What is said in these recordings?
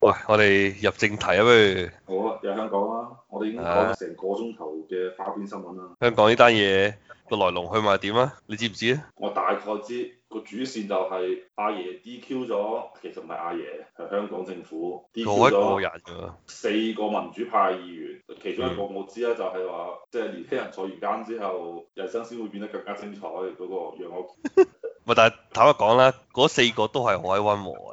喂，我哋入正題啊，不如好啦，又香港啦，我哋已經講咗成個鐘頭嘅花邊新聞啦、啊。香港呢單嘢個來龍去脈點啊？你知唔知啊？我大概知個主線就係、是、阿爺 D Q 咗，其實唔係阿爺，係香港政府一個 D Q 咗。好閪過人，四個民主派議員，其中一個我知咧，嗯、就係話即係年輕人坐完監之後，人生先會變得更加精彩。嗰、那個讓我唔但係坦白講啦，嗰四個都係好閪溫和。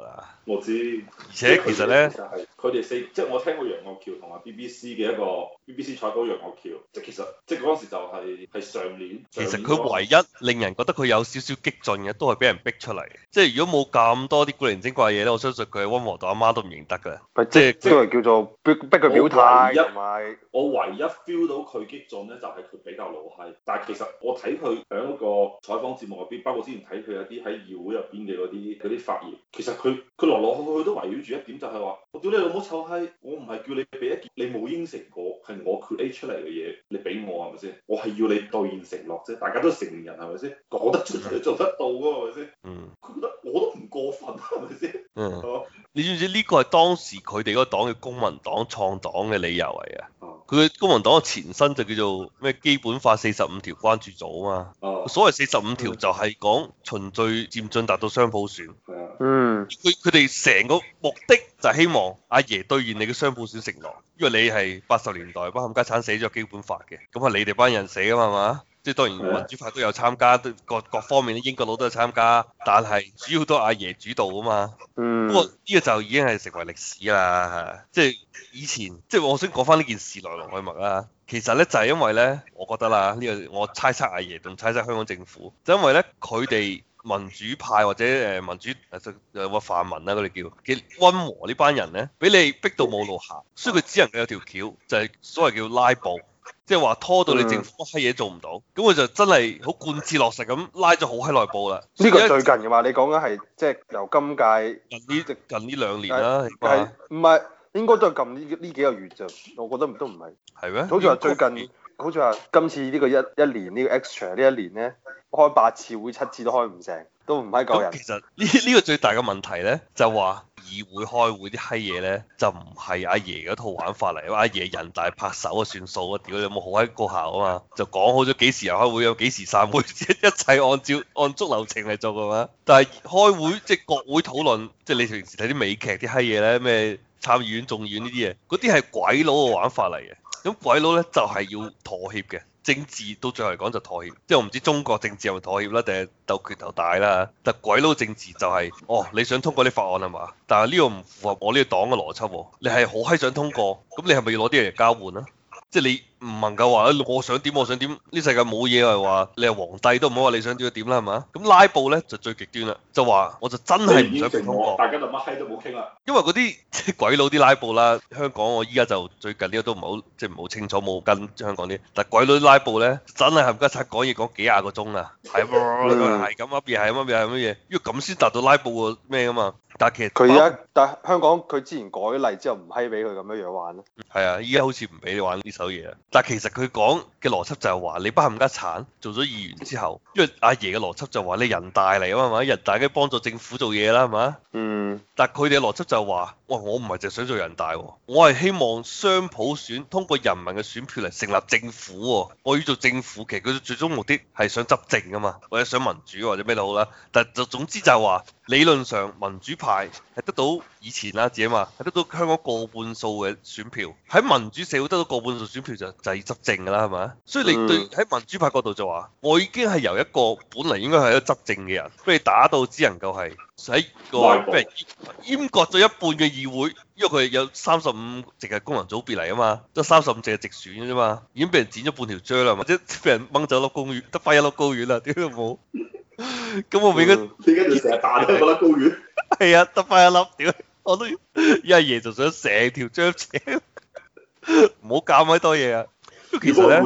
我知，而且其實咧，佢哋們四，即係我聽過楊岳橋同埋 BBC 嘅一個。BBC 採訪楊岳橋，橋，即其實即係嗰時就係、是、係上年。上年其實佢唯一令人覺得佢有少少激進嘅，都係俾人逼出嚟。即係如果冇咁多啲古靈精怪嘢咧，我相信佢溫和到阿媽，媽都唔認得㗎。即係是即係是叫做逼逼佢表態，同埋我唯一 feel 有到佢激進咧，就係佢比較老閪。但係其實我睇佢喺一個採訪節目入邊，包括之前睇佢有啲喺議會入邊嘅嗰啲啲發言，其實佢佢來來去去都圍繞住一點，就係話我屌你老母臭閪，我唔係叫你俾一結，你冇應承過我 create 出嚟嘅嘢，你俾我係咪先？我係要你兌現承諾啫，大家都成年人係咪先？講得出嚟，做得到嗰個係咪先？是是嗯，佢覺得我都唔過分係咪先？是是嗯， 你知唔知呢個係當時佢哋嗰個黨嘅公民黨創黨嘅理由嚟啊？佢公民黨嘅前身就叫做咩基本法四十五條關注組啊嘛，所謂四十五條就係講循序漸進達到雙普選，嗯，佢佢哋成個目的就係希望阿爺兌現你嘅雙普選承諾，因為你係八十年代幫冚家產寫咗基本法嘅，咁係你哋班人死啊嘛。即係當然民主派都有參加，各各方面咧英國佬都有參加，但係主要都係阿爺主導啊嘛。嗯。不過呢個就已經係成為歷史啦吓，即係、就是、以前即係、就是、我想講翻呢件事來龍去脈啦。其實咧就係、是、因為咧，我覺得啦，呢個我猜測阿爺同猜測香港政府，就是、因為咧佢哋民主派或者誒民主誒有個泛民啦、啊，佢哋叫幾温和呢班人咧，俾你逼到冇路行，所以佢只能夠有條橋，就係、是、所謂叫拉布。即係話拖到你政府乜嘢做唔到，咁佢、嗯、就真係好貫徹落實咁拉咗好閪內部啦。呢個最近嘅話，你講緊係即係由今屆近呢近呢兩年啦。係唔係應該都係近呢呢幾個月就？我覺得都唔係。係咩嗎？好似話最近，最近好似話今次呢個一一年、呢個、一年呢個 extra 呢一年咧，開八次會七次都開唔成。都唔係講咁。其實呢呢個最大嘅問題呢，就話議會開會啲閪嘢呢，就唔係阿爺嗰套玩法嚟。阿爺人大拍手啊算數啊，屌有冇好閪高效啊嘛？就講好咗幾時又開會，有幾時散會，一切按照按足流程嚟做㗎嘛。但係開會即係、就是、國會討論，即、就、係、是、你平時睇啲美劇啲閪嘢呢，咩參議院眾院呢啲嘢，嗰啲係鬼佬嘅玩法嚟嘅。咁鬼佬呢，就係要妥協嘅。政治到最後嚟講就妥協，即係我唔知中國政治有冇妥協啦，定係鬥拳頭大啦。但鬼佬政治就係，哦，你想通過啲法案係嘛？但係呢個唔符合我呢個黨嘅邏輯。你係好閪想通過，咁你係咪要攞啲嘢嚟交換啊？即係你。唔能夠話，我想點，我想點？呢世界冇嘢，我係話你係皇帝都唔好話你想點就點啦，係嘛？咁拉布咧就最極端啦，就話我就真係唔想唔通。大家就乜閪都冇傾啦。因為嗰啲鬼佬啲拉布啦，香港我依家就最近呢個都唔好，即係唔好清楚冇跟香港啲。但鬼佬拉布咧真係係唔得，差講嘢講幾廿個鐘啊，係喎，係咁一邊係咁一邊係乜嘢，要咁先達到拉布嘅咩啊嘛。但其實佢而家但香港佢之前改例之後唔係俾佢咁樣樣玩咧。係啊，依家好似唔俾你玩呢首嘢啊。但其實佢講嘅邏輯就係話，你不幸加慘，做咗議員之後，因為阿爺嘅邏輯就話，你人大嚟啊嘛，人大嘅幫助政府做嘢啦，係嘛？嗯。但佢哋嘅邏輯就係話，哇，我唔係淨係想做人大，我係希望雙普選通過人民嘅選票嚟成立政府。哦。我要做政府，其實佢最終目的係想執政啊嘛，或者想民主或者咩都好啦。但就總之就係話。理論上民主派係得到以前啦、啊，自己嘛係得到香港過半數嘅選票，喺民主社會得到過半數選票就就係執政㗎啦，係咪？所以你對喺民主派角度就話，我已經係由一個本嚟應該係一個執政嘅人，俾你打到只能夠係使個俾人閹割咗一半嘅議會，因為佢有三十五席嘅功能組別嚟啊嘛，即三十五席係直選嘅啫嘛，已經俾人剪咗半條頸啦，或者係俾人掹走粒高院，得返一粒高院啦，屌都冇。咁 我俾佢，點解仲成日彈嗰粒高遠？係 啊，得翻一粒，屌！我都一阿爺就想成條張扯，唔好搞咁鬼多嘢啊！其實咧，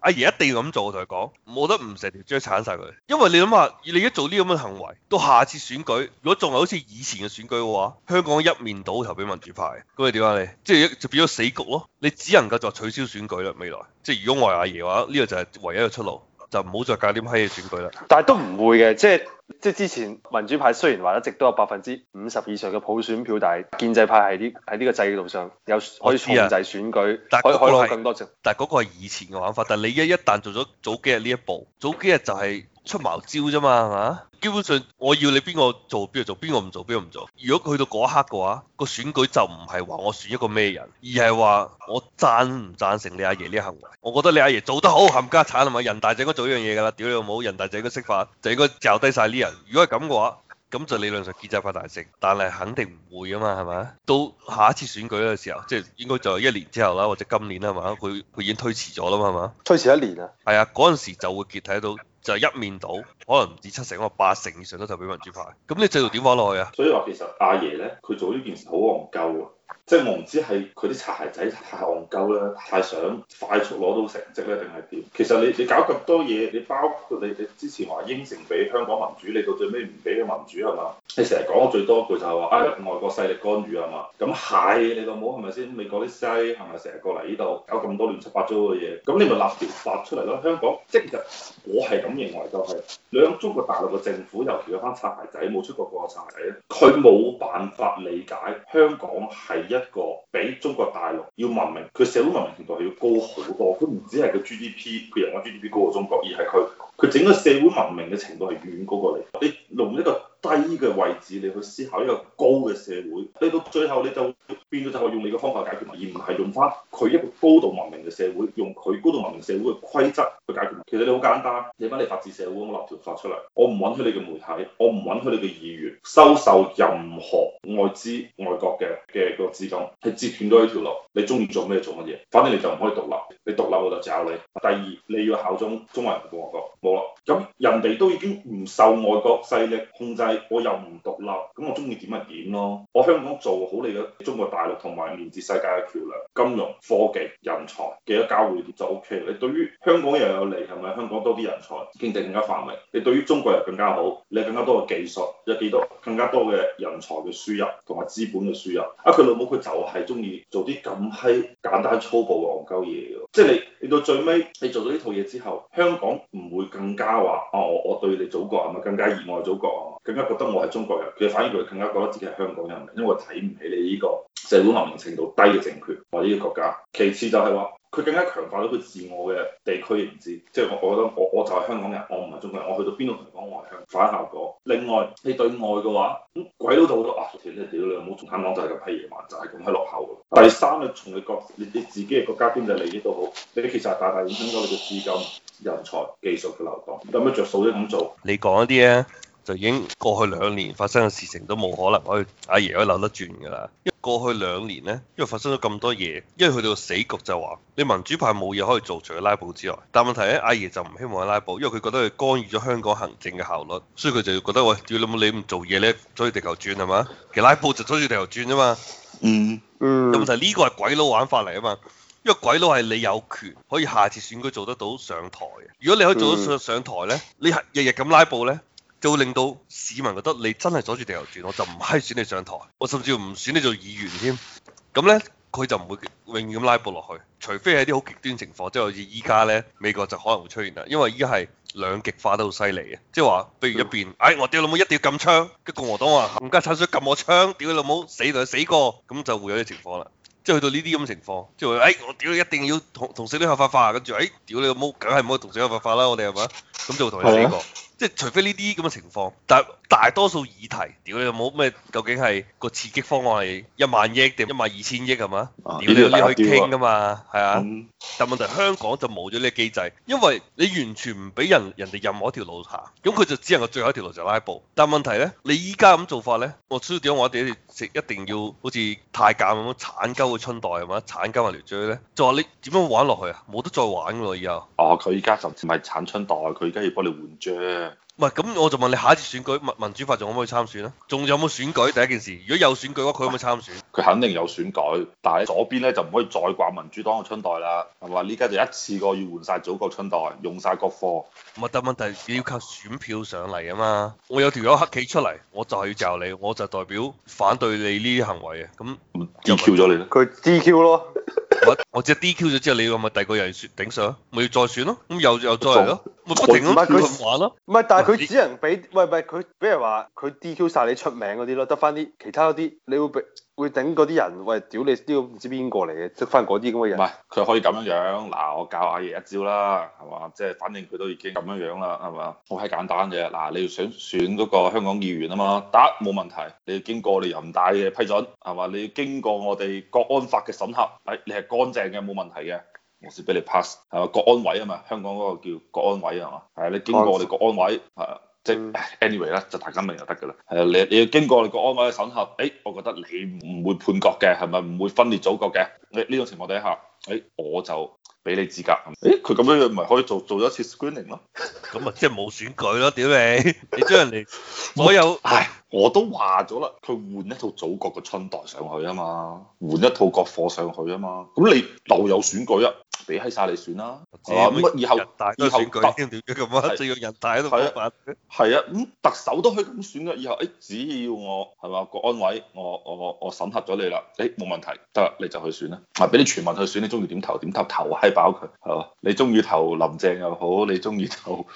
阿爺一定要咁做，同佢講，冇得唔成條張鏟晒佢。因為你諗下，你一做呢咁嘅行為，到下次選舉，如果仲係好似以前嘅選舉嘅話，香港一面倒投俾民主派，咁你點解啊？你即係一就變咗死局咯。你只能夠就取消選舉啦。未來，即係如果我係阿爺嘅話，呢個就係唯一嘅出路。就唔好再搞啲乜嘢選舉啦。但係都唔會嘅，即係即係之前民主派雖然話一直都有百分之五十以上嘅普選票，但係建制派係啲喺呢個制度上有可以控制選舉，啊、可以攞更多席。但嗰個係以前嘅玩法。但係你一一旦做咗早幾日呢一步，早幾日就係、是。出茅招啫嘛，係嘛？基本上我要你邊個做邊個做，邊個唔做邊個唔做。如果佢去到嗰一刻嘅話，個選舉就唔係話我選一個咩人，而係話我贊唔贊成你阿爺呢啲行為。我覺得你阿爺，爺做得好，冚家產係嘛？人大就應該做一樣嘢㗎啦，屌你老母，人大就應該釋法，就應該掉低晒啲人。如果係咁嘅話，咁就理論上結集發大成。但係肯定唔會啊嘛，係咪？到下一次選舉嘅個時候，即係應該就係一年之後啦，或者今年啦，係嘛？佢佢已經推遲咗啦嘛，係嘛？推遲一年啊？係啊，嗰陣時就會結睇到。就係一面倒，可能唔止七成，可能八成以上都投俾民主派。咁你制度點玩落去啊？所以話其實阿爺咧，佢做呢件事好戇鳩啊。即係我唔知係佢啲擦鞋仔太戇鳩啦，太想快速攞到成績咧，定係點？其實你你搞咁多嘢，你包括你你之前話應承俾香港民主，你到最尾唔俾嘅民主係嘛？你成日講嘅最多一句就係、是、話、哎、外國勢力干預係嘛？咁蟹你老母係咪先？是是美國啲西係咪成日過嚟呢度搞咁多亂七八糟嘅嘢？咁你咪立條法出嚟咯，香港即係我係咁認為就係、是、兩中國大陸嘅政府，尤其有翻擦鞋仔冇出過國嘅擦鞋仔，佢冇辦法理解香港係一。一個比中國大陸要文明，佢社會文明程度係要高好多。佢唔止係個 GDP，佢又揾 GDP 高過中國，而係佢佢整個社會文明嘅程度係遠高過你。你用一個。低嘅位置，你去思考一個高嘅社會，你到最後，你就變咗就係用你嘅方法解決，而唔係用翻佢一個高度文明嘅社會，用佢高度文明社會嘅規則去解決。其實你好簡單，你問你法治社會，我立條法出嚟，我唔允許你嘅媒體，我唔允許你嘅議員收受任何外資外國嘅嘅個資金，係截斷咗呢條路。你中意做咩做乜嘢，反正你就唔可以獨立。你獨立我就找你。第二，你要效忠中，中華人共和國。冇啦，咁人哋都已經唔受外國勢力控制，我又唔獨立，咁我中意點咪點咯。我香港做好你嘅中國大陸同埋連接世界嘅橋梁，金融、科技、人才嘅一交匯點就 O K 啦。你對於香港又有利，係咪香港多啲人才，經濟更加繁榮？你對於中國人更加好，你有更加多嘅技術，有幾多更加多嘅人才嘅輸入同埋資本嘅輸入？啊，佢老母佢就係中意做啲咁閪簡單粗暴嘅戇鳩嘢。即係你，你到最尾你做咗呢套嘢之後，香港唔會更加話啊、哦！我我對你祖國係咪更加熱愛祖國，係咪更加覺得我係中國人？佢反而會更加覺得自己係香港人，因為睇唔起你呢個社會文明程度低嘅政權或者呢個國家。其次就係話。佢更加強化到佢自我嘅地區認知，即係我，我覺得我我就係香港人，我唔係中國人，我去到邊度同人講我係香港，反效果。另外，你對外嘅話，咁鬼佬就好多。啊，屌你，屌你，冇中香港就係咁批野蠻，就係咁喺落後。第三，你從你國，你你自己嘅國家邊度利益都好，你其實係大大影響咗你嘅資金、人才、技術嘅流動，咁樣着數都咁做？你講一啲啊！就已經過去兩年發生嘅事情都冇可能可以阿爺可以扭得轉㗎啦。因為過去兩年呢，因為發生咗咁多嘢，因為去到死局就話你民主派冇嘢可以做，除咗拉布之外。但問題呢，阿爺就唔希望拉布，因為佢覺得佢干預咗香港行政嘅效率，所以佢就要覺得喂，只要你唔做嘢，呢，阻住地球轉係嘛？其拉布就阻住地球轉啫嘛。嗯。嗯。有問題呢個係鬼佬玩法嚟啊嘛。因為鬼佬係你有權可以下次選舉做得到上台嘅。如果你可以做到上上台呢，嗯、你日日咁拉布呢。就會令到市民覺得你真係阻住地球轉，我就唔閪選你上台，我甚至唔選你做議員添。咁呢，佢就唔會永遠咁拉布落去，除非係啲好極端情況，即係好似依家呢，美國就可能會出現啦。因為依家係兩極化得好犀利嘅，即係話，比如一邊，哎，我屌老母一定要禁槍，跟共和黨話唔加彩水禁我槍，屌你老母死就死過，咁就會有啲情況啦。即係去到呢啲咁情況，即係話，哎，我屌你一定要同同性合法化，跟住，哎，屌你老母梗係唔可以同性合法化啦，我哋係咪啊？咁就同你死過。即係除非呢啲咁嘅情況，但係大多數議題，屌你有冇咩？究竟係個刺激方案係一萬億定一萬二千億係、啊、嘛？屌你都可以傾㗎嘛，係啊！但係問題香港就冇咗呢個機制，因為你完全唔俾人人哋任何一條路行，咁佢就只能夠最後一條路就拉布。但係問題咧，你依家咁做法咧，我所以點解我哋一定要好似太監咁樣剷鳩個春袋係嘛？剷鳩咪亂追咧，就話你點樣玩落去啊？冇得再玩㗎喎，以後。哦，佢依家甚至係剷春袋，佢而家要幫你換張。唔係，咁我就問你，下一次選舉，民民主法仲可唔可以參選啊？仲有冇選舉？第一件事，如果有選舉嘅話，佢可唔可以參選？佢、啊、肯定有選舉，但係左邊咧就唔可以再掛民主黨嘅春袋啦，係嘛？呢家就一次過要換晒祖國春袋，用晒國貨。唔係，但問題要靠選票上嚟啊嘛。我有條友黑企出嚟，我就係要罩你，我就代表反對你呢啲行為嘅。咁 D Q 咗你咧？佢 D Q 咯。我即係 D Q 咗之後，你話咪第二個人選頂上，咪要再選咯？咁又又再嚟咯？ 唔係佢唔玩咯，唔係但係佢只能俾，喂喂佢，比如話佢 DQ 晒你出名嗰啲咯，得翻啲其他嗰啲，你會俾會頂嗰啲人，喂屌你屌唔知邊個嚟嘅，識翻嗰啲咁嘅人。唔係佢可以咁樣樣，嗱我教阿爺一招啦，係嘛，即係反正佢都已經咁樣樣啦，係嘛，好閪簡單嘅，嗱你要想選嗰個香港議員啊嘛，得冇問題，你要經過你人大嘅批准，係嘛，你要經過我哋國安法嘅審核，誒你係乾淨嘅冇問題嘅。我先俾你 pass，係嘛？國安委啊嘛，香港嗰個叫國安委啊嘛，係你經過我哋國安委係，即 anyway 啦，就大家明就得㗎啦。係你你要經過我哋國安委嘅審核，誒、欸，我覺得你唔會叛國嘅，係咪唔會分裂祖國嘅？你、欸、呢種情況底下，誒、欸、我就俾你資格。誒佢咁樣樣咪可以做做一次 screening 咯？咁 啊即係冇選舉咯，屌 你！你將人哋，我有係我都話咗啦，佢換一套祖國嘅春袋上去啊嘛，換一套國貨上去啊嘛，咁你又有選舉啊？俾閪曬你選啦，乜以後以後特點點咁啊，即係個人大都發，係後啊，咁、啊、特首都可以咁選啦。以後誒，哎、只要我係嘛國安委我，我我我審核咗你啦，誒、哎、冇問題，得啦你就去選啦。嗱，俾啲全民去選你，你中意點投點投，投閪飽佢係嘛？你中意投林鄭又好，你中意投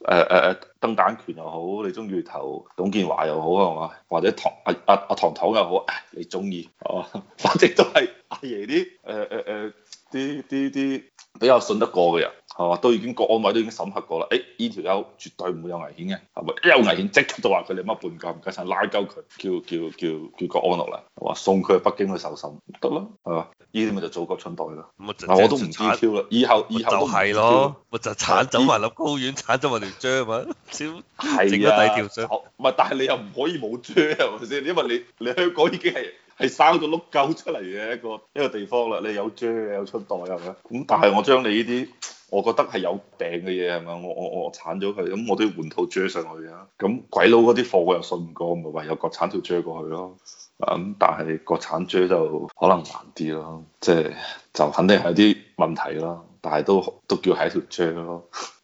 誒誒誒燈膽權又好，你中意投董建華又好係嘛？或者唐阿阿阿唐頭又好，你中意係嘛？反正 都係阿爺啲誒誒誒。呃呃呃呃啊啊嗯啊啊啲啲啲比較信得過嘅人，係嘛？都已經國安委都已經審核過啦。誒、欸、呢條友絕對唔會有危險嘅，係咪？有危險即刻都話佢哋乜半教唔該曬，拉鳩佢，叫叫叫叫國安落嚟，話送佢去北京去受審得啦，係嘛？呢啲咪就做個春袋咯。我都唔知。啦，剩以後以後都就係咯，我就鏟走埋粒高院，鏟走埋條章啊！先整咗底條唔咪但係你又唔可以冇章係咪先，因為你你香港已經係。係生個碌鳩出嚟嘅一個一個地方啦，你有遮有出袋係咪？咁但係我將你呢啲，我覺得係有病嘅嘢，係咪？我我我鏟咗佢，咁我都要換套遮上去啊！咁鬼佬嗰啲貨我又信唔過，咪唯有國產條遮過去咯。咁、嗯，但係國產遮就可能難啲咯，即係就肯定係啲問題咯，但係都都叫係一條遮咯。